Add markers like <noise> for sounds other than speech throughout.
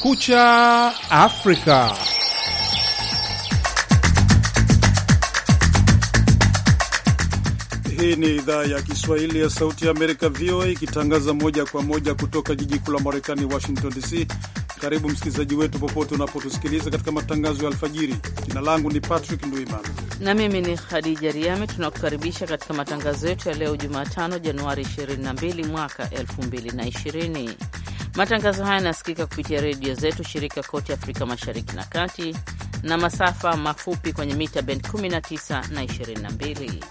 Kucha Afrika. Hii ni idhaa ya Kiswahili ya Sauti ya Amerika, VOA, ikitangaza moja kwa moja kutoka jiji kuu la Marekani, Washington DC. Karibu msikilizaji wetu popote unapotusikiliza katika matangazo ya alfajiri. Jina langu ni Patrick Ndwimana na mimi ni Khadija Riami. Tunakukaribisha katika matangazo yetu ya leo Jumatano, Januari 22 mwaka 2020. Matangazo haya yanasikika kupitia redio zetu shirika kote Afrika Mashariki na Kati na masafa mafupi kwenye mita bend 19 na 22.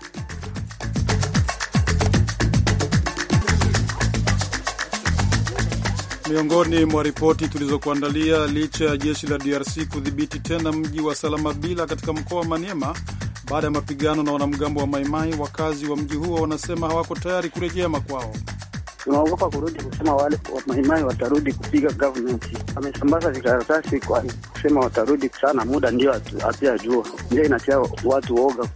Miongoni mwa ripoti tulizokuandalia, licha ya jeshi la DRC kudhibiti tena mji wa Salamabila katika mkoa wa Maniema baada ya mapigano na wanamgambo wa Maimai, wakazi wa mji huo wanasema hawako tayari kurejea makwao tunaogopa kurudi kusema wale wamaimai watarudi kupiga government. Amesambaza vikaratasi kwa kusema watarudi sana, muda ndio apia jua, ndio inatia watu woga.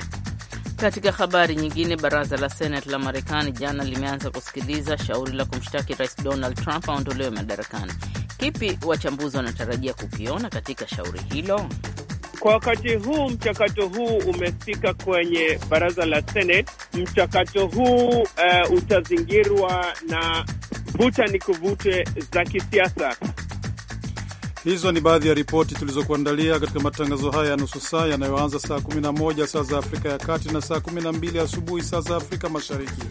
Katika habari nyingine, baraza la senati la Marekani jana limeanza kusikiliza shauri la kumshtaki rais Donald Trump aondolewe madarakani. Kipi wachambuzi wanatarajia kukiona katika shauri hilo? Kwa wakati huu mchakato huu umefika kwenye baraza la Senate. Mchakato huu uh, utazingirwa na vuta ni kuvute za kisiasa. Hizo ni baadhi ya ripoti tulizokuandalia katika matangazo haya ya nusu saa yanayoanza saa 11 saa za Afrika ya Kati na saa 12 asubuhi saa za Afrika Mashariki.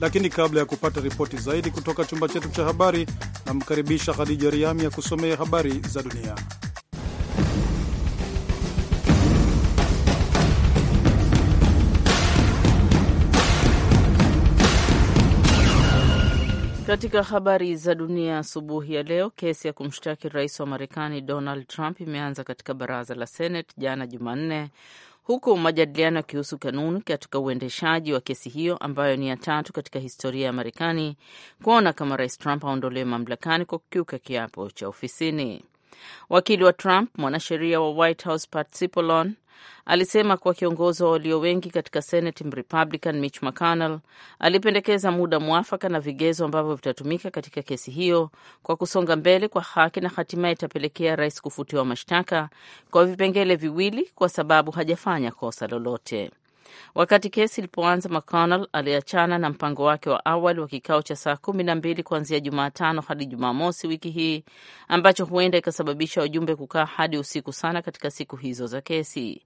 Lakini kabla ya kupata ripoti zaidi kutoka chumba chetu cha habari, namkaribisha Khadija Riami ya kusomea habari za dunia. Katika habari za dunia asubuhi ya leo, kesi ya kumshtaki rais wa Marekani Donald Trump imeanza katika baraza la Senate jana Jumanne, huku majadiliano yakihusu kanuni katika uendeshaji wa kesi hiyo ambayo ni ya tatu katika historia ya Marekani kuona kama rais Trump aondolewe mamlakani kwa kukiuka kiapo cha ofisini. Wakili wa Trump, mwanasheria wa White House Pat Cipollone alisema kuwa kiongozi wa walio wengi katika Senate Mrepublican Mitch McConnell alipendekeza muda mwafaka na vigezo ambavyo vitatumika katika kesi hiyo kwa kusonga mbele kwa haki na hatimaye itapelekea rais kufutiwa mashtaka kwa vipengele viwili kwa sababu hajafanya kosa lolote. Wakati kesi ilipoanza, McConnell aliachana na mpango wake wa awali wa kikao cha saa kumi na mbili kuanzia Jumatano hadi Jumamosi wiki hii ambacho huenda ikasababisha wajumbe kukaa hadi usiku sana katika siku hizo za kesi.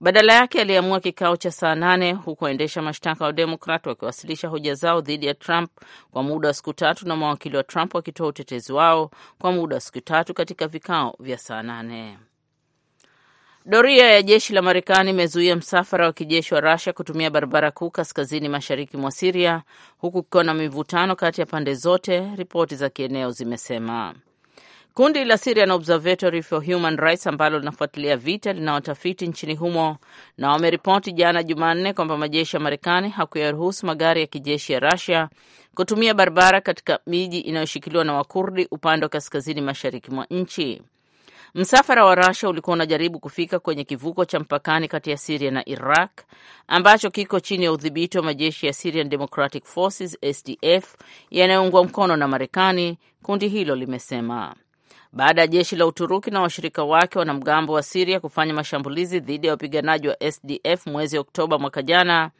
Badala yake aliamua kikao cha saa nane huku waendesha mashtaka wa Demokrat wakiwasilisha hoja zao dhidi ya Trump kwa muda wa siku tatu na mawakili wa Trump wakitoa utetezi wao kwa muda wa siku tatu katika vikao vya saa nane. Doria ya jeshi la Marekani imezuia msafara wa kijeshi wa rasia kutumia barabara kuu kaskazini mashariki mwa Siria, huku kukiwa na mivutano kati ya pande zote, ripoti za kieneo zimesema. Kundi la Syrian Observatory for Human Rights ambalo linafuatilia vita linawatafiti nchini humo na wameripoti jana Jumanne kwamba majeshi ya Marekani hakuyaruhusu magari ya kijeshi ya rasia kutumia barabara katika miji inayoshikiliwa na Wakurdi upande wa kaskazini mashariki mwa nchi. Msafara wa Rasha ulikuwa unajaribu kufika kwenye kivuko cha mpakani kati ya siria na Iraq ambacho kiko chini ya udhibiti wa majeshi ya Syrian Democratic Forces SDF yanayoungwa mkono na Marekani, kundi hilo limesema baada ya jeshi la Uturuki na washirika wake wanamgambo wa Siria kufanya mashambulizi dhidi ya wapiganaji wa SDF mwezi Oktoba mwaka jana,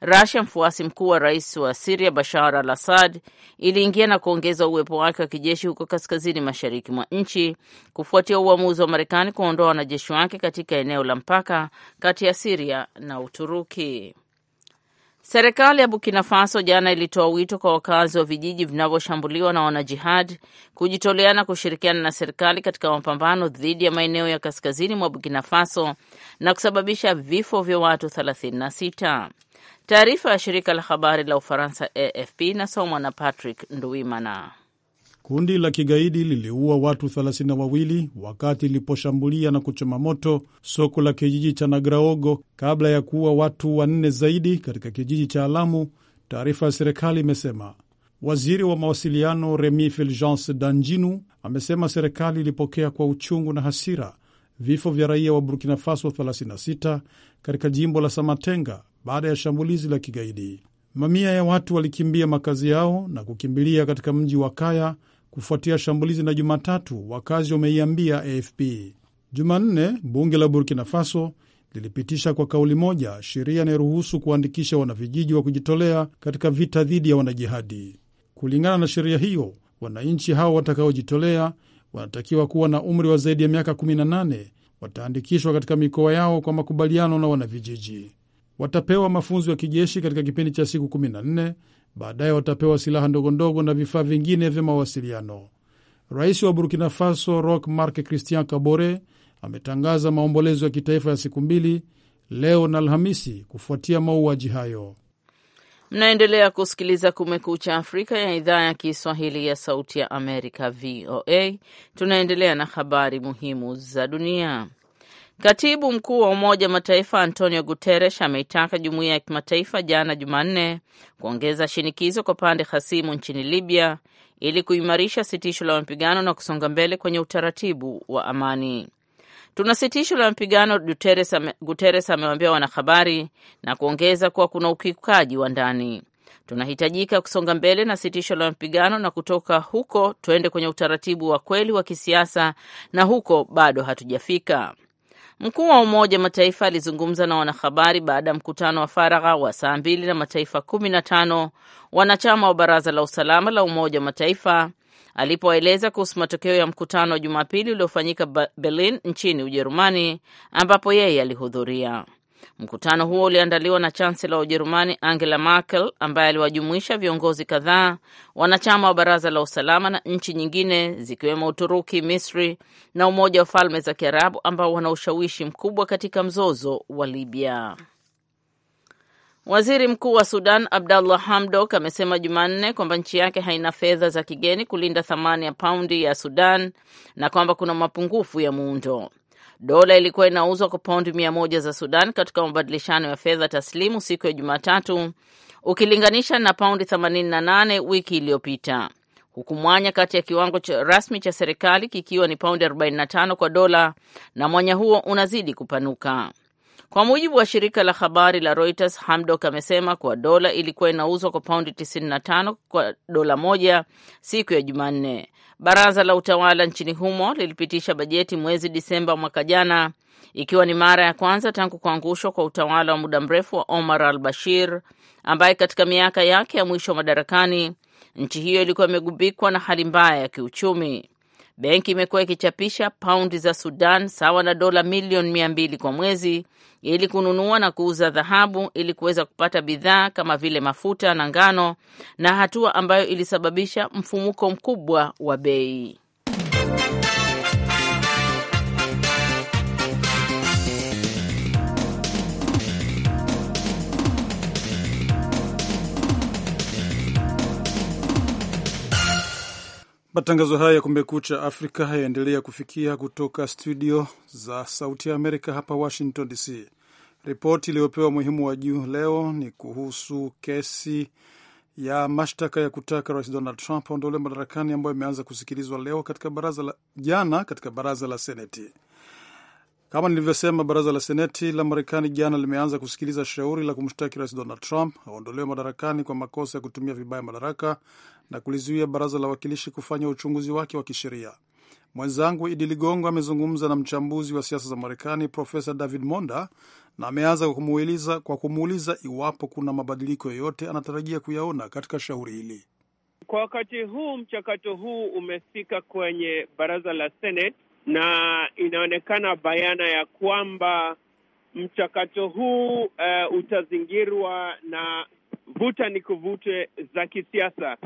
Rasia, mfuasi mkuu wa rais wa Siria Bashar al Assad, iliingia na kuongeza uwepo wake wa kijeshi huko kaskazini mashariki mwa nchi kufuatia uamuzi wa Marekani kuondoa wanajeshi wake katika eneo la mpaka kati ya Siria na Uturuki. Serikali ya Burkina Faso jana ilitoa wito kwa wakazi wa vijiji vinavyoshambuliwa na wanajihad kujitolea na kushirikiana na serikali katika mapambano dhidi ya maeneo ya kaskazini mwa Burkina Faso na kusababisha vifo vya watu 36. Taarifa ya shirika la habari la Ufaransa AFP inasomwa na Patrick Nduimana. Kundi la kigaidi liliua watu 32 wakati liliposhambulia na kuchoma moto soko la kijiji cha Nagraogo kabla ya kuua watu wanne zaidi katika kijiji cha Alamu, taarifa ya serikali imesema. Waziri wa mawasiliano Remi Fulgence Danjinu amesema serikali ilipokea kwa uchungu na hasira vifo vya raia wa Burkina Faso 36 katika jimbo la Samatenga baada ya shambulizi la kigaidi. Mamia ya watu walikimbia makazi yao na kukimbilia katika mji wa Kaya kufuatia shambulizi, la Jumatatu wakazi wameiambia AFP. Jumanne bunge la Burkina Faso lilipitisha kwa kauli moja sheria inayoruhusu kuandikisha wanavijiji wa kujitolea katika vita dhidi ya wanajihadi. Kulingana na sheria hiyo, wananchi hao watakaojitolea wanatakiwa kuwa na umri wa zaidi ya miaka 18. Wataandikishwa katika mikoa yao kwa makubaliano na wanavijiji. Watapewa mafunzo ya kijeshi katika kipindi cha siku 14 Baadaye watapewa silaha ndogondogo na vifaa vingine vya mawasiliano. Rais wa Burkina Faso Roch Marc Christian Kabore ametangaza maombolezo ya kitaifa ya siku mbili leo na Alhamisi kufuatia mauaji hayo. Mnaendelea kusikiliza Kumekucha Afrika ya idhaa ya Kiswahili ya Sauti ya Amerika, VOA. Tunaendelea na habari muhimu za dunia. Katibu mkuu wa Umoja wa Mataifa Antonio Guterres ameitaka jumuiya ya kimataifa jana Jumanne kuongeza shinikizo kwa pande hasimu nchini Libya ili kuimarisha sitisho la mapigano na kusonga mbele kwenye utaratibu wa amani. Tuna sitisho la mapigano, Guterres amewaambia wanahabari na kuongeza kuwa kuna ukiukaji wa ndani. Tunahitajika kusonga mbele na sitisho la mapigano na kutoka huko tuende kwenye utaratibu wa kweli wa kisiasa, na huko bado hatujafika. Mkuu wa Umoja Mataifa alizungumza na wanahabari baada ya mkutano wa faragha wa saa mbili na mataifa kumi na tano wanachama wa Baraza la Usalama la Umoja Mataifa alipoeleza kuhusu matokeo ya mkutano wa Jumapili uliofanyika Berlin nchini Ujerumani ambapo yeye alihudhuria. Mkutano huo uliandaliwa na chansela wa Ujerumani Angela Merkel, ambaye aliwajumuisha viongozi kadhaa wanachama wa Baraza la Usalama na nchi nyingine zikiwemo Uturuki, Misri na Umoja wa Falme za Kiarabu, ambao wana ushawishi mkubwa katika mzozo wa Libya. Waziri Mkuu wa Sudan Abdallah Hamdok amesema Jumanne kwamba nchi yake haina fedha za kigeni kulinda thamani ya paundi ya Sudan na kwamba kuna mapungufu ya muundo. Dola ilikuwa inauzwa kwa paundi mia moja za Sudan katika mabadilishano ya fedha taslimu siku ya Jumatatu, ukilinganisha na paundi 88 wiki iliyopita, huku mwanya kati ya kiwango cha rasmi cha serikali kikiwa ni paundi 45 kwa dola na mwanya huo unazidi kupanuka. Kwa mujibu wa shirika la habari la Reuters, Hamdok amesema kuwa dola ilikuwa inauzwa kwa paundi 95 kwa dola moja siku ya Jumanne. Baraza la utawala nchini humo lilipitisha bajeti mwezi Disemba mwaka jana, ikiwa ni mara ya kwanza tangu kuangushwa kwa utawala wa muda mrefu wa Omar al Bashir, ambaye katika miaka yake ya mwisho madarakani nchi hiyo ilikuwa imegubikwa na hali mbaya ya kiuchumi benki imekuwa ikichapisha paundi za Sudan sawa na dola milioni mia mbili kwa mwezi ili kununua na kuuza dhahabu ili kuweza kupata bidhaa kama vile mafuta na ngano, na hatua ambayo ilisababisha mfumuko mkubwa wa bei. Matangazo haya ya Kumekucha Afrika yaendelea kufikia kutoka studio za Sauti ya Amerika hapa Washington DC. Ripoti iliyopewa umuhimu wa juu leo ni kuhusu kesi ya mashtaka ya kutaka Rais Donald Trump aondolewe madarakani ambayo imeanza kusikilizwa leo katika baraza la, jana katika baraza la Seneti. Kama nilivyosema, baraza la seneti la Marekani jana limeanza kusikiliza shauri la kumshtaki rais Donald Trump aondolewe madarakani kwa makosa ya kutumia vibaya madaraka na kulizuia baraza la wawakilishi kufanya uchunguzi wake wa kisheria. Mwenzangu Idi Ligongo amezungumza na mchambuzi wa siasa za Marekani Profesa David Monda na ameanza kwa kumuuliza iwapo kuna mabadiliko yoyote anatarajia kuyaona katika shauri hili. Kwa wakati huu mchakato huu umefika kwenye baraza la Senate na inaonekana bayana ya kwamba mchakato huu uh, utazingirwa na vuta ni kuvute za kisiasa.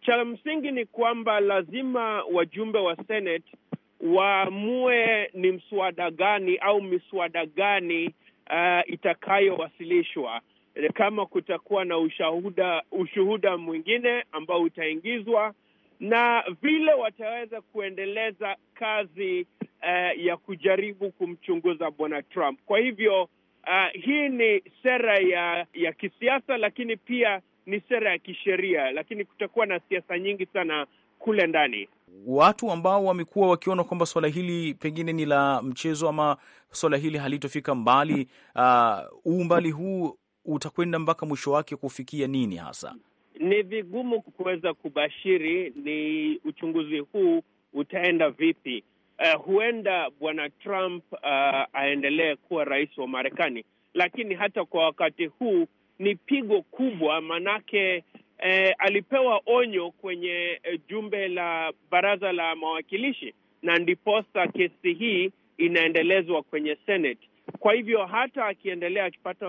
Cha msingi ni kwamba lazima wajumbe wa Senate waamue ni mswada gani au miswada gani uh, itakayowasilishwa. Kama kutakuwa na ushahuda, ushuhuda mwingine ambao utaingizwa na vile wataweza kuendeleza kazi uh, ya kujaribu kumchunguza bwana Trump. Kwa hivyo uh, hii ni sera ya ya kisiasa, lakini pia ni sera ya kisheria, lakini kutakuwa na siasa nyingi sana kule ndani. Watu ambao wamekuwa wakiona kwamba swala hili pengine ni la mchezo ama suala hili halitofika mbali, uh, ah, umbali huu utakwenda mpaka mwisho wake kufikia nini hasa? ni vigumu kuweza kubashiri ni uchunguzi huu utaenda vipi. Uh, huenda bwana Trump uh, aendelee kuwa rais wa Marekani, lakini hata kwa wakati huu ni pigo kubwa, manake eh, alipewa onyo kwenye eh, jumbe la baraza la mawakilishi, na ndiposa kesi hii inaendelezwa kwenye Senate. Kwa hivyo hata akiendelea akipata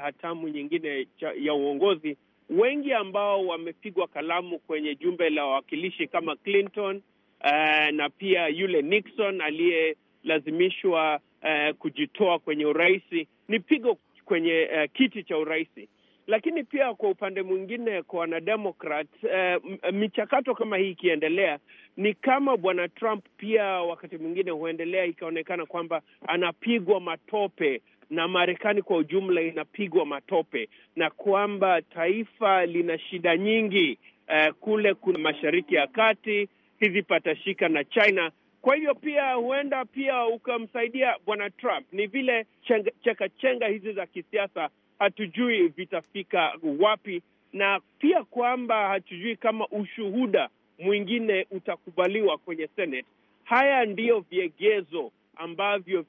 hatamu nyingine ya uongozi wengi ambao wamepigwa kalamu kwenye jumbe la wawakilishi kama Clinton uh, na pia yule Nixon aliyelazimishwa uh, kujitoa kwenye urahisi ni pigo kwenye uh, kiti cha urahisi Lakini pia kwa upande mwingine kwa wanademokrat uh, michakato kama hii ikiendelea, ni kama bwana Trump pia wakati mwingine huendelea ikaonekana kwamba anapigwa matope na Marekani kwa ujumla inapigwa matope na kwamba taifa lina shida nyingi eh, kule kuna Mashariki ya Kati hivi patashika na China. Kwa hivyo pia huenda pia ukamsaidia Bwana Trump. Ni vile chekachenga chenga hizi za kisiasa, hatujui vitafika wapi, na pia kwamba hatujui kama ushuhuda mwingine utakubaliwa kwenye Senate. Haya ndiyo viegezo ambavyo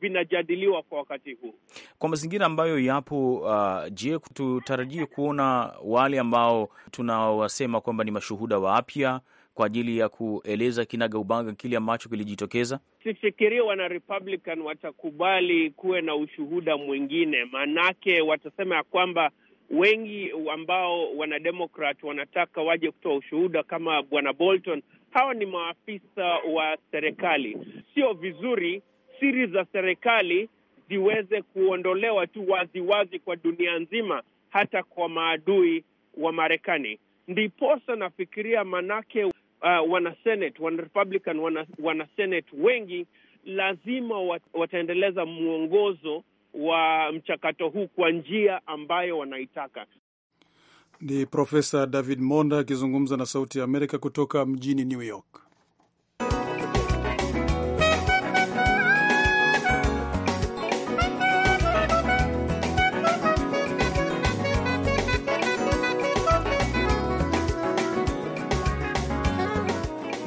vinajadiliwa kwa wakati huu kwa mazingira ambayo yapo. Uh, je, tutarajie kuona wale ambao tunawasema kwamba ni mashuhuda wapya kwa ajili ya kueleza kinaga ubaga kile ambacho kilijitokeza? Sifikirie wana Republican watakubali kuwe na ushuhuda mwingine, maanake watasema ya kwamba wengi ambao wanademokrat wanataka waje kutoa ushuhuda kama bwana Bolton Hawa ni maafisa wa serikali. Sio vizuri siri za serikali ziweze kuondolewa tu waziwazi wazi kwa dunia nzima, hata kwa maadui wa Marekani. Ndiposa nafikiria manake, uh, wanasenate wana Republican wana, wengi lazima wat, wataendeleza mwongozo wa mchakato huu kwa njia ambayo wanaitaka. Ni Profesa David Monda akizungumza na Sauti ya Amerika kutoka mjini New York.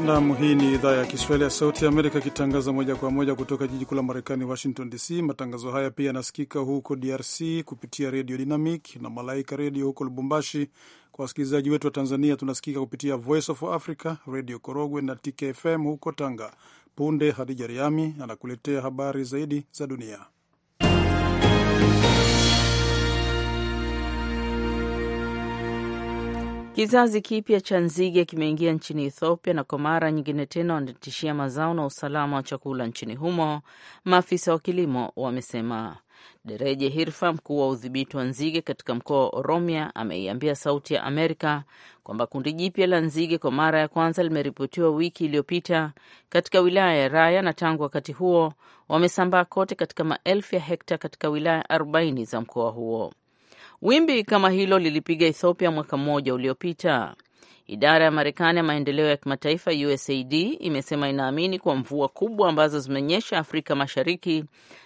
Nam, hii ni idhaa ya Kiswahili ya Sauti ya Amerika ikitangaza moja kwa moja kutoka jiji kuu la Marekani, Washington DC. Matangazo haya pia yanasikika huko DRC kupitia Redio Dynamic na Malaika Redio huko Lubumbashi. Kwa wasikilizaji wetu wa Tanzania, tunasikika kupitia Voice of Africa, Redio Korogwe na TKFM huko Tanga. Punde Hadija Riami anakuletea habari zaidi za dunia. Kizazi kipya cha nzige kimeingia nchini Ethiopia na kwa mara nyingine tena wanatishia mazao na usalama wa chakula nchini humo, maafisa wa kilimo wamesema. Dereje Hirfa, mkuu wa udhibiti wa nzige katika mkoa wa Oromia, ameiambia Sauti ya Amerika kwamba kundi jipya la nzige kwa mara ya kwanza limeripotiwa wiki iliyopita katika wilaya ya Raya, na tangu wakati huo wamesambaa kote katika maelfu ya hekta katika wilaya 40 za mkoa huo. Wimbi kama hilo lilipiga Ethiopia mwaka mmoja uliopita. Idara ya Marekani ya maendeleo ya kimataifa USAID imesema inaamini kuwa mvua kubwa ambazo zimenyesha Afrika Mashariki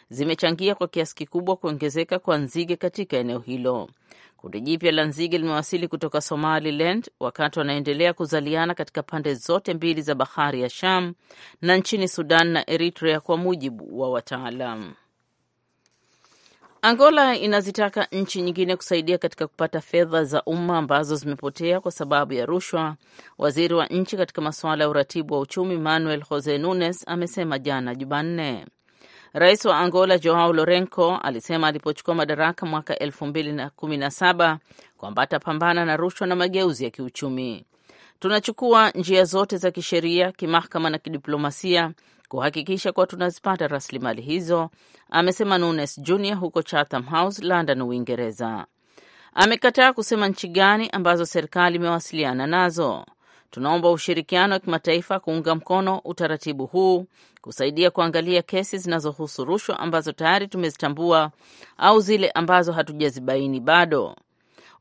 zimechangia kwa kiasi kikubwa kuongezeka kwa nzige katika eneo hilo. Kundi jipya la nzige limewasili kutoka Somaliland wakati wanaendelea kuzaliana katika pande zote mbili za bahari ya Sham na nchini Sudan na Eritrea, kwa mujibu wa wataalam. Angola inazitaka nchi nyingine kusaidia katika kupata fedha za umma ambazo zimepotea kwa sababu ya rushwa. Waziri wa nchi katika masuala ya uratibu wa uchumi Manuel Jose Nunes amesema jana Jumanne. Rais wa Angola Joao Lourenco alisema alipochukua madaraka mwaka 2017 kwamba atapambana na rushwa na mageuzi ya kiuchumi. Tunachukua njia zote za kisheria, kimahakama na kidiplomasia kuhakikisha kuwa tunazipata rasilimali hizo, amesema Nunes Jr huko Chatham House, London, Uingereza. Amekataa kusema nchi gani ambazo serikali imewasiliana nazo. Tunaomba ushirikiano wa kimataifa kuunga mkono utaratibu huu, kusaidia kuangalia kesi zinazohusu rushwa ambazo tayari tumezitambua au zile ambazo hatujazibaini bado.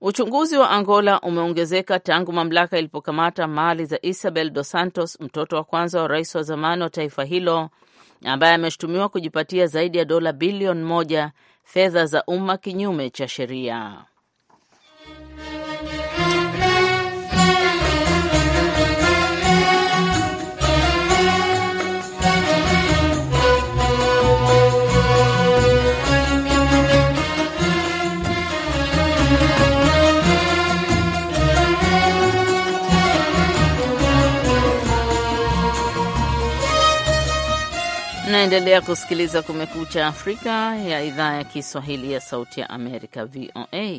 Uchunguzi wa Angola umeongezeka tangu mamlaka ilipokamata mali za Isabel Dos Santos, mtoto wa kwanza wa rais wa zamani wa taifa hilo ambaye ameshutumiwa kujipatia zaidi ya dola bilioni moja fedha za umma kinyume cha sheria. Unaendelea kusikiliza Kumekucha Afrika ya idhaa ya Kiswahili ya Sauti ya Amerika, VOA.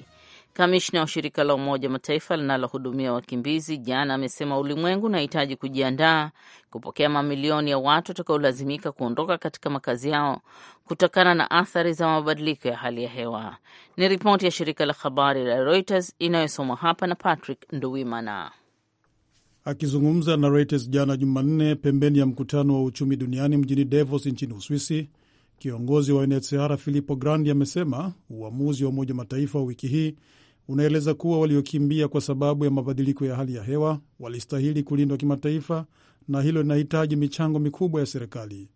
Kamishna wa shirika la Umoja wa Mataifa linalohudumia wakimbizi jana amesema ulimwengu unahitaji kujiandaa kupokea mamilioni ya watu watakaolazimika kuondoka katika makazi yao kutokana na athari za mabadiliko ya hali ya hewa. Ni ripoti ya shirika la habari la Reuters inayosomwa hapa na Patrick Nduwimana. Akizungumza na Reuters jana Jumanne pembeni ya mkutano wa uchumi duniani mjini Davos nchini Uswisi, kiongozi wa UNHCR Filippo Grandi amesema uamuzi wa Umoja Mataifa wa wiki hii unaeleza kuwa waliokimbia kwa sababu ya mabadiliko ya hali ya hewa walistahili kulindwa kimataifa na hilo linahitaji michango mikubwa ya serikali.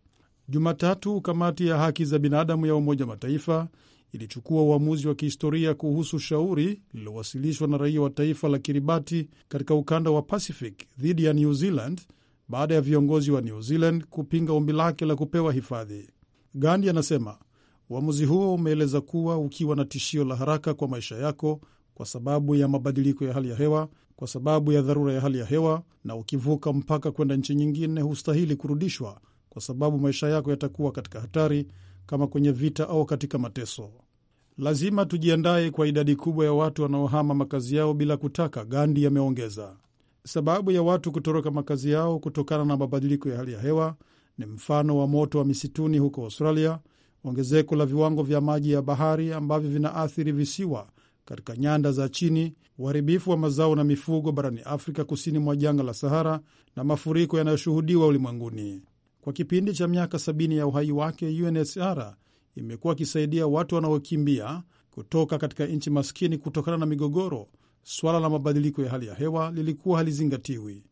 Jumatatu, kamati ya haki za binadamu ya Umoja Mataifa ilichukua uamuzi wa kihistoria kuhusu shauri lililowasilishwa na raia wa taifa la Kiribati katika ukanda wa Pacific dhidi ya New Zealand baada ya viongozi wa New Zealand kupinga ombi lake la kupewa hifadhi. Gandhi anasema uamuzi huo umeeleza kuwa ukiwa na tishio la haraka kwa maisha yako kwa sababu ya mabadiliko ya hali ya hewa, kwa sababu ya dharura ya hali ya hewa, na ukivuka mpaka kwenda nchi nyingine, hustahili kurudishwa kwa sababu maisha yako yatakuwa katika hatari kama kwenye vita au katika mateso. Lazima tujiandaye kwa idadi kubwa ya watu wanaohama makazi yao bila kutaka, Gandhi ameongeza. Sababu ya watu kutoroka makazi yao kutokana na mabadiliko ya hali ya hewa ni mfano wa moto wa misituni huko Australia, ongezeko la viwango vya maji ya bahari ambavyo vinaathiri visiwa katika nyanda za chini, uharibifu wa mazao na mifugo barani Afrika kusini mwa jangwa la Sahara na mafuriko yanayoshuhudiwa ulimwenguni. Kwa kipindi cha miaka sabini ya uhai wake, UNHCR imekuwa ikisaidia watu wanaokimbia kutoka katika nchi maskini kutokana na migogoro. Swala la mabadiliko ya hali ya hewa lilikuwa halizingatiwi.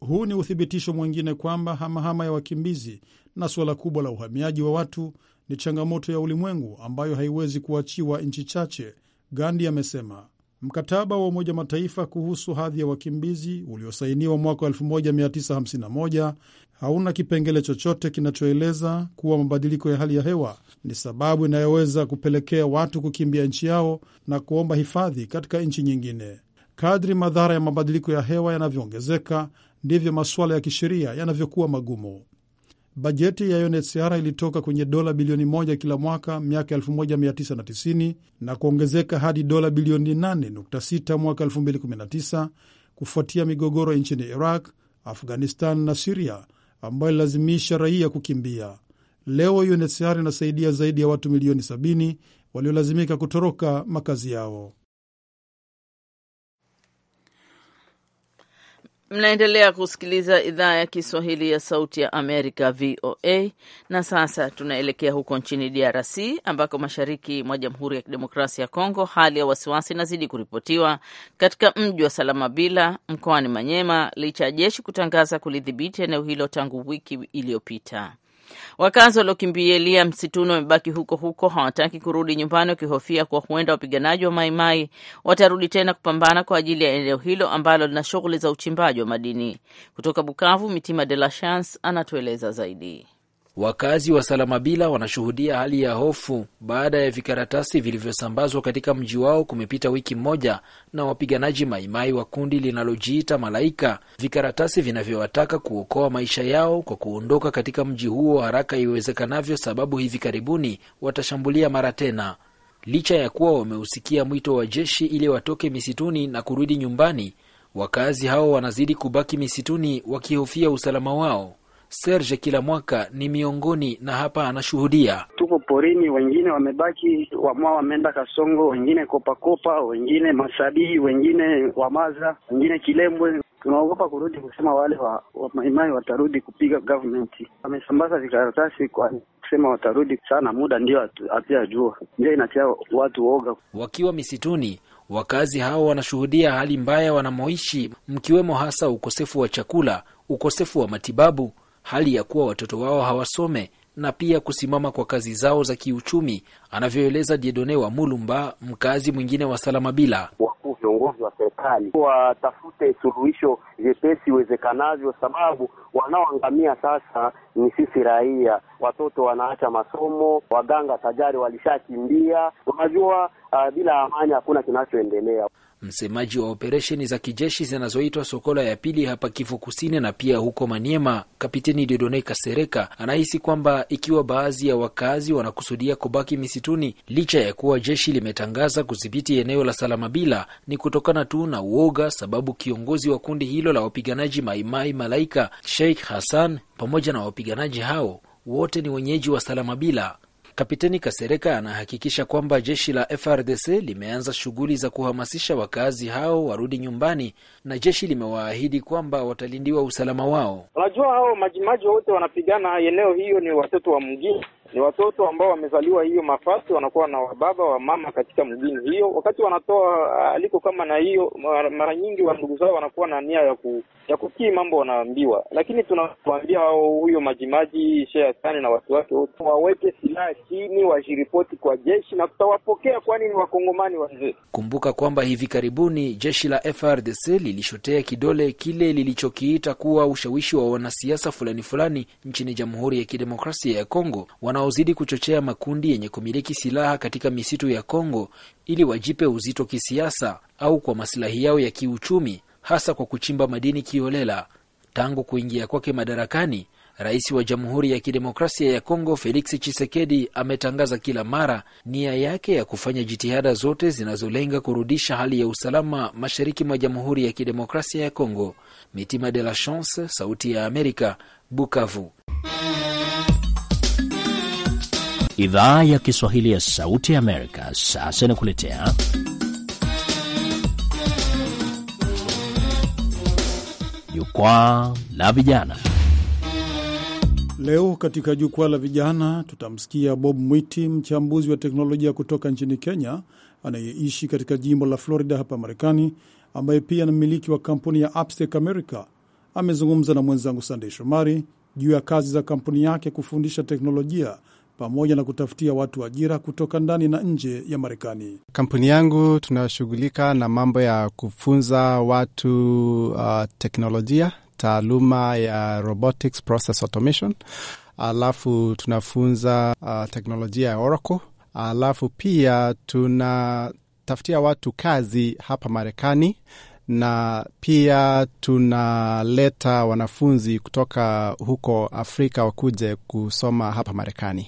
Huu ni uthibitisho mwingine kwamba hamahama ya wakimbizi na suala kubwa la uhamiaji wa watu ni changamoto ya ulimwengu ambayo haiwezi kuachiwa nchi chache, Gandhi amesema. Mkataba wa Umoja Mataifa kuhusu hadhi ya wakimbizi uliosainiwa mwaka 1951 hauna kipengele chochote kinachoeleza kuwa mabadiliko ya hali ya hewa ni sababu inayoweza kupelekea watu kukimbia nchi yao na kuomba hifadhi katika nchi nyingine. Kadri madhara ya mabadiliko ya hewa yanavyoongezeka, ndivyo masuala ya kisheria yanavyokuwa magumu. Bajeti ya UNHCR ilitoka kwenye dola bilioni moja kila mwaka miaka 1990 na kuongezeka hadi dola bilioni 8.6 mwaka 2019 kufuatia migogoro nchini Iraq, Afghanistan na Siria ambayo ililazimisha raia kukimbia. Leo UNHCR inasaidia zaidi ya watu milioni 70 waliolazimika kutoroka makazi yao. Mnaendelea kusikiliza idhaa ya Kiswahili ya Sauti ya Amerika, VOA. Na sasa tunaelekea huko nchini DRC ambako mashariki mwa Jamhuri ya Kidemokrasia ya Kongo hali ya wasiwasi inazidi kuripotiwa katika mji wa Salamabila mkoani Manyema licha ya jeshi kutangaza kulidhibiti eneo hilo tangu wiki iliyopita. Wakazi waliokimbilia msituni wamebaki huko huko, hawataki kurudi nyumbani, wakihofia kuwa huenda wapiganaji wa Maimai watarudi tena kupambana kwa ajili ya eneo hilo ambalo lina shughuli za uchimbaji wa madini. Kutoka Bukavu, Mitima de la Chance anatueleza zaidi. Wakazi wa Salamabila wanashuhudia hali ya hofu baada ya vikaratasi vilivyosambazwa katika mji wao kumepita wiki moja na wapiganaji Maimai wa kundi linalojiita Malaika, vikaratasi vinavyowataka kuokoa maisha yao kwa kuondoka katika mji huo haraka iwezekanavyo, sababu hivi karibuni watashambulia mara tena. Licha ya kuwa wameusikia mwito wa jeshi ili watoke misituni na kurudi nyumbani, wakazi hao wanazidi kubaki misituni wakihofia usalama wao. Serge kila mwaka ni miongoni na hapa anashuhudia. Tuko porini, wengine wamebaki wamwa, wameenda Kasongo, wengine Kopakopa, wengine Masabii, wengine Wamaza, wengine Kilembwe. Tunaogopa kurudi kusema wale wa, wa maimai watarudi kupiga government. Wamesambaza vikaratasi kwa kusema watarudi sana, muda ndio hatuyajua, ndio inatia watu woga. Wakiwa misituni, wakazi hao wanashuhudia hali mbaya wanamoishi, mkiwemo hasa ukosefu wa chakula, ukosefu wa matibabu hali ya kuwa watoto wao hawasome na pia kusimama kwa kazi zao za kiuchumi, anavyoeleza Diedone wa Mulumba, mkazi mwingine wa Salamabila. Wakuu viongozi wa serikali watafute suluhisho vyepesi iwezekanavyo, sababu wanaoangamia sasa ni sisi raia. Watoto wanaacha masomo, waganga tajari walishakimbia. Unajua uh, bila amani hakuna kinachoendelea. Msemaji wa operesheni za kijeshi zinazoitwa Sokola ya pili hapa Kivu Kusini na pia huko Maniema, Kapiteni Dodone Kasereka anahisi kwamba ikiwa baadhi ya wakazi wanakusudia kubaki misituni licha ya kuwa jeshi limetangaza kudhibiti eneo la Salamabila ni kutokana tu na uoga, sababu kiongozi wa kundi hilo la wapiganaji Maimai Malaika Sheikh Hassan pamoja na wapiganaji hao wote ni wenyeji wa Salamabila. Kapiteni Kasereka anahakikisha kwamba jeshi la FRDC limeanza shughuli za kuhamasisha wakazi hao warudi nyumbani, na jeshi limewaahidi kwamba watalindiwa usalama wao. Unajua, hao majimaji wote wanapigana eneo hiyo ni watoto wa mgini, ni watoto ambao wamezaliwa hiyo mafasi, wanakuwa na wababa wa mama katika mgini hiyo. Wakati wanatoa ah, aliko kama na hiyo, mara nyingi wa ndugu zao wanakuwa na nia ya ya kutii mambo wanaambiwa, lakini tunawaambia huyo Majimaji Sheikh Hassan na watu wake wote waweke silaha chini, washiripoti kwa jeshi na tutawapokea, kwani ni wakongomani wanze Kumbuka kwamba hivi karibuni jeshi la FRDC lilishotea kidole kile lilichokiita kuwa ushawishi wa wanasiasa fulani fulani nchini Jamhuri ya Kidemokrasia ya Kongo wanaozidi kuchochea makundi yenye kumiliki silaha katika misitu ya Kongo ili wajipe uzito kisiasa au kwa masilahi yao ya kiuchumi hasa kwa kuchimba madini kiolela. Tangu kuingia kwake madarakani, rais wa Jamhuri ya Kidemokrasia ya Kongo Felix Tshisekedi ametangaza kila mara nia yake ya kufanya jitihada zote zinazolenga kurudisha hali ya usalama mashariki mwa Jamhuri ya Kidemokrasia ya Kongo. Mitima de la Chance, Sauti ya Amerika, Bukavu. Idhaa ya Kiswahili ya Sauti ya Amerika sasa inakuletea Jukwaa la Vijana. Leo katika Jukwaa la Vijana tutamsikia Bob Mwiti, mchambuzi wa teknolojia kutoka nchini Kenya anayeishi katika jimbo la Florida hapa Marekani, ambaye pia ni mmiliki wa kampuni ya apstek America. Amezungumza na mwenzangu Sandey Shomari juu ya kazi za kampuni yake kufundisha teknolojia pamoja na kutafutia watu ajira kutoka ndani na nje ya Marekani. Kampuni yangu tunashughulika na mambo ya kufunza watu uh, teknolojia, taaluma ya robotics process automation, alafu tunafunza uh, teknolojia ya Oracle, alafu pia tunatafutia watu kazi hapa Marekani na pia tunaleta wanafunzi kutoka huko Afrika wakuje kusoma hapa Marekani.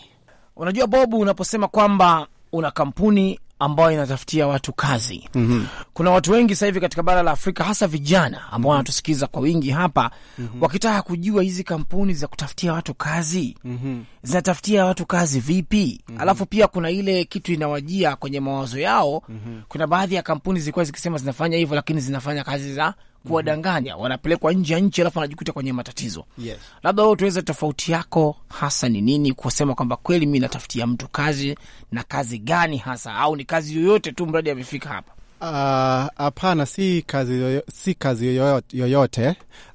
Unajua bob unaposema kwamba una kampuni ambayo inatafutia watu kazi mm -hmm. Kuna watu wengi sasa hivi katika bara la Afrika hasa vijana ambao wanatusikiza mm -hmm. kwa wingi hapa mm -hmm. wakitaka kujua hizi kampuni za kutafutia watu kazi mm -hmm. zinatafutia watu kazi vipi? mm -hmm. Alafu pia kuna ile kitu inawajia kwenye mawazo yao mm -hmm. Kuna baadhi ya kampuni zilikuwa zikisema zinafanya hivyo, lakini zinafanya kazi za kuwadanganya, mhm. wanapelekwa nje ya nchi alafu anajikuta kwenye matatizo. Yes. Labda wewe tuweze tofauti yako hasa ni nini, kusema kwamba kweli mi natafutia mtu kazi na kazi gani hasa, au ni kazi yoyote tu mradi amefika hapa? Ah, hapana, uh, si kazi yoyote, si kazi yoyote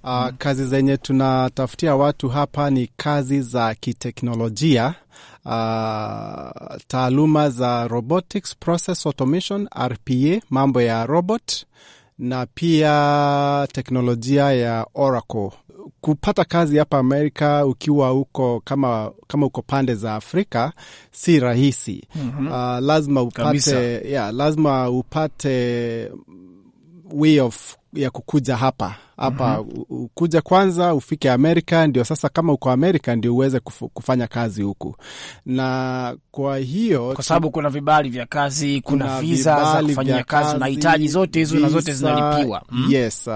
uh, mm. Kazi zenye tunatafutia watu hapa ni kazi za kiteknolojia uh, taaluma za robotics, process automation, RPA, mambo ya robot na pia teknolojia ya Oracle. Kupata kazi hapa Amerika ukiwa huko kama, kama uko pande za Afrika si rahisi. mm -hmm. Uh, lazima upate, yeah, lazima upate way of ya kukuja hapa hapa mm -hmm. ukuja kwanza ufike Amerika, ndio sasa kama uko Amerika ndio uweze kufu, kufanya kazi huku, na kwa hiyo kwa sababu kuna vibali vya kazi, kuna viza za kufanyia kazi, unahitaji zote hizo na zote zinalipiwa mm -hmm. Yes,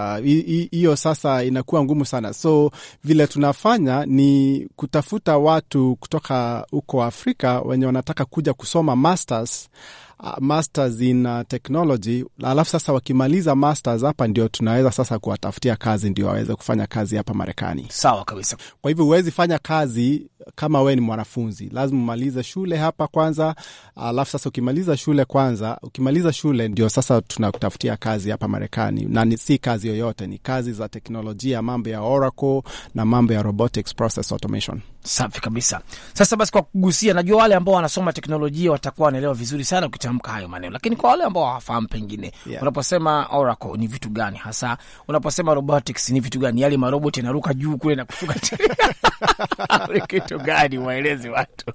hiyo uh, sasa inakuwa ngumu sana, so vile tunafanya ni kutafuta watu kutoka huko Afrika wenye wanataka kuja kusoma masters Ah, masters in uh, technology, alafu sasa wakimaliza masters hapa ndio tunaweza sasa kuwatafutia kazi ndio waweze kufanya kazi hapa Marekani. Sawa kabisa. Kwa hivyo huwezi fanya kazi kama wewe ni mwanafunzi lazima umalize shule hapa kwanza, alafu sasa ukimaliza shule kwanza, ukimaliza shule ndio sasa tunakutafutia kazi hapa Marekani, na ni si kazi yoyote, ni kazi za teknolojia, mambo ya Oracle na mambo ya robotics process automation. Safi kabisa. Sasa basi, kwa kugusia, najua wale ambao wanasoma teknolojia watakuwa wanaelewa vizuri sana ukitamka hayo maneno, lakini kwa wale ambao hawafahamu pengine, yeah. unaposema Oracle ni vitu gani hasa? Unaposema robotics ni vitu gani? Yale marobot yanaruka juu kule na kushuka chini <laughs> watoto gani waelezi watu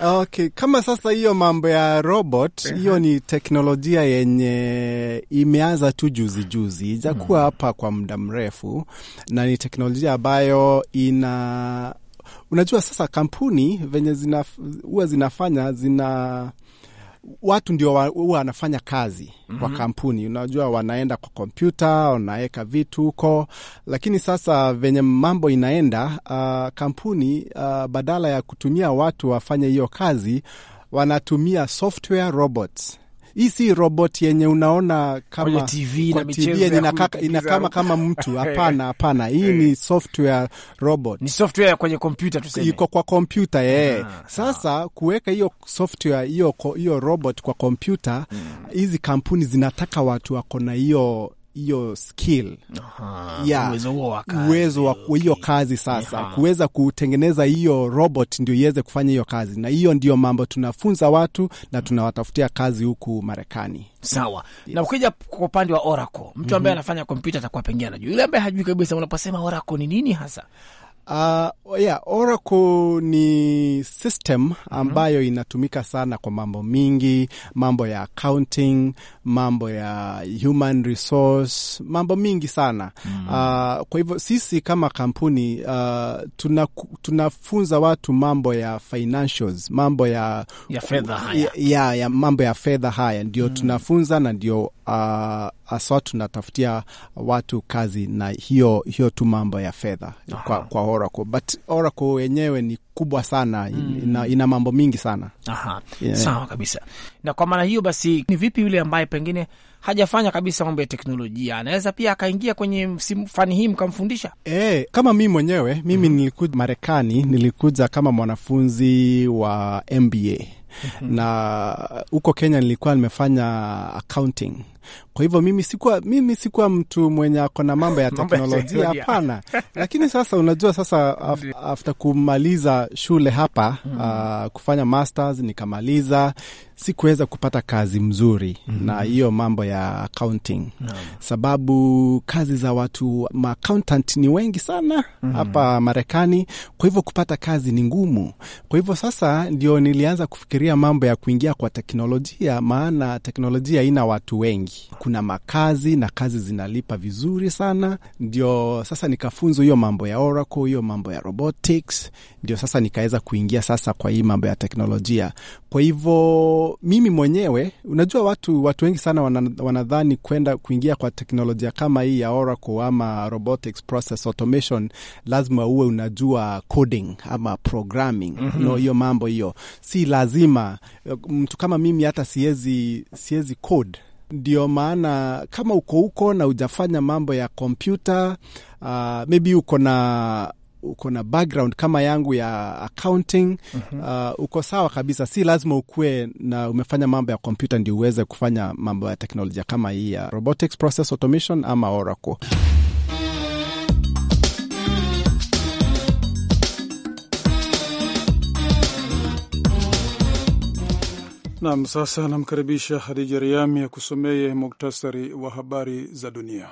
Okay, kama sasa hiyo mambo ya robot hiyo Ni teknolojia yenye imeanza tu juzi juzi, ijakuwa hmm. hapa kwa muda mrefu, na ni teknolojia ambayo ina, unajua sasa kampuni venye huwa zinafanya zina watu ndio huwa wanafanya kazi mm -hmm. kwa mhm. kampuni, unajua wanaenda kwa kompyuta wanaweka vitu huko, lakini sasa venye mambo inaenda uh, kampuni uh, badala ya kutumia watu wafanye hiyo kazi wanatumia software robots hii si robot yenye unaona kama TV, na TV yenye inakama kama mtu <laughs> hapana. Hapana, hii eh. ni software robot, ni software kwenye kompyuta tuseme, iko kwa kompyuta yeah. Sasa kuweka hiyo software hiyo hiyo robot kwa kompyuta, hmm. hizi mm. kampuni zinataka watu wako na hiyo hiyo skill ya uwezo wa hiyo kazi sasa, kuweza kutengeneza hiyo robot ndio iweze kufanya hiyo kazi, na hiyo ndio mambo tunafunza watu na tunawatafutia kazi huku Marekani. Sawa. Yes. Na ukija kwa upande wa Oracle, mtu ambaye mm -hmm. anafanya kompyuta atakuwa pengine anajua, yule ambaye hajui kabisa, unaposema Oracle ni nini hasa Uh, oh, yeah, Oracle ni system mhm. ambayo inatumika sana kwa mambo mingi, mambo ya accounting, mambo ya human resource, mambo mingi sana. Mm. Uh, kwa hivyo sisi kama kampuni uh, tuna, tunafunza watu mambo ya financials, mambo ya, ya fedha haya, ya, ya, ya mambo ya fedha haya ndio mm. tunafunza na ndio uh, haswa tunatafutia watu kazi na hiyo, hiyo tu mambo ya fedha kwa, kwa Oracle. But Oracle wenyewe ni kubwa sana mm. ina, ina mambo mingi sana. Aha. Yeah. Sawa kabisa. Na kwa maana hiyo basi, ni vipi yule ambaye pengine hajafanya kabisa mambo ya teknolojia anaweza pia akaingia kwenye fani hii mkamfundisha? E, kama mi mwenyewe mimi mm. nilikuja Marekani, nilikuja kama mwanafunzi wa MBA hmm. na huko Kenya nilikuwa nimefanya accounting kwa hivyo mimi sikuwa, mimi sikuwa mtu mwenye ako na mambo ya <laughs> teknolojia hapana. <laughs> Lakini sasa unajua, sasa af, after kumaliza shule hapa mm. uh, kufanya masters nikamaliza, sikuweza kupata kazi mzuri mm. na hiyo mambo ya accounting no. Sababu kazi za watu ma accountant ni wengi sana mm. hapa Marekani, kwa hivyo kupata kazi ni ngumu. Kwa hivyo sasa ndio nilianza kufikiria mambo ya kuingia kwa teknolojia, maana teknolojia ina watu wengi kuna makazi na kazi zinalipa vizuri sana. Ndio sasa nikafunzwa hiyo mambo ya Oracle, hiyo mambo ya robotics, ndio sasa nikaweza kuingia sasa kwa hii mambo ya teknolojia. Kwa hivyo mimi mwenyewe, unajua watu watu wengi sana wanadhani kwenda kuingia kwa teknolojia kama hii ya Oracle ama robotics process automation, lazima uwe unajua coding ama programming mm -hmm. no, hiyo mambo hiyo si lazima. Mtu kama mimi hata siezi siezi code ndio maana kama uko huko na ujafanya mambo ya kompyuta uh, maybe uko na uko na background kama yangu ya accounting mm -hmm. Uh, uko sawa kabisa, si lazima ukuwe na umefanya mambo ya kompyuta ndio uweze kufanya mambo ya teknolojia kama hii ya robotics process automation ama Oracle. Nam, sasa namkaribisha Hadija Riami ya kusomeye muktasari wa habari za dunia.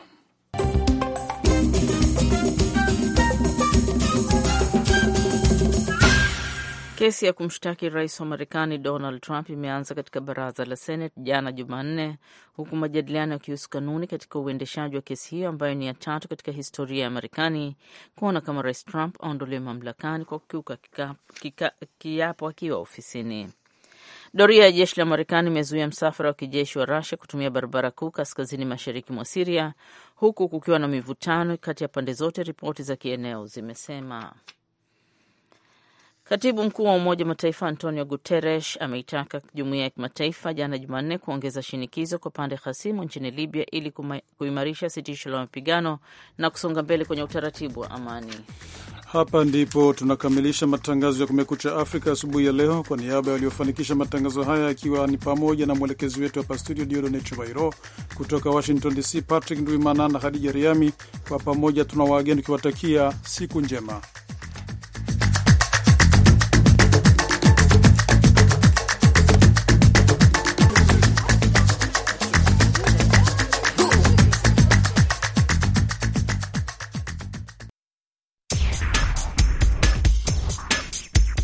Kesi ya kumshtaki rais wa Marekani Donald Trump imeanza katika baraza la Seneti jana Jumanne, huku majadiliano yakihusu kanuni katika uendeshaji wa kesi hiyo ambayo ni ya tatu katika historia ya Marekani kuona kama rais Trump aondolewe mamlakani kwa kukiuka kiapo akiwa ofisini. Doria ya jeshi la Marekani imezuia msafara wa kijeshi wa rasia kutumia barabara kuu kaskazini mashariki mwa Siria, huku kukiwa na mivutano kati ya pande zote, ripoti za kieneo zimesema. Katibu mkuu wa Umoja wa Mataifa Antonio Guterres ameitaka jumuiya ya kimataifa jana Jumanne kuongeza shinikizo kwa pande hasimu nchini Libya ili kuimarisha sitisho la mapigano na kusonga mbele kwenye utaratibu wa amani. Hapa ndipo tunakamilisha matangazo ya Kumekucha Afrika asubuhi ya leo. Kwa niaba ya waliofanikisha matangazo haya, akiwa ni pamoja na mwelekezi wetu hapa studio Diodone Chubairo, kutoka Washington DC Patrick Ndwimana na Hadija Riami, kwa pamoja tuna wageni ukiwatakia siku njema.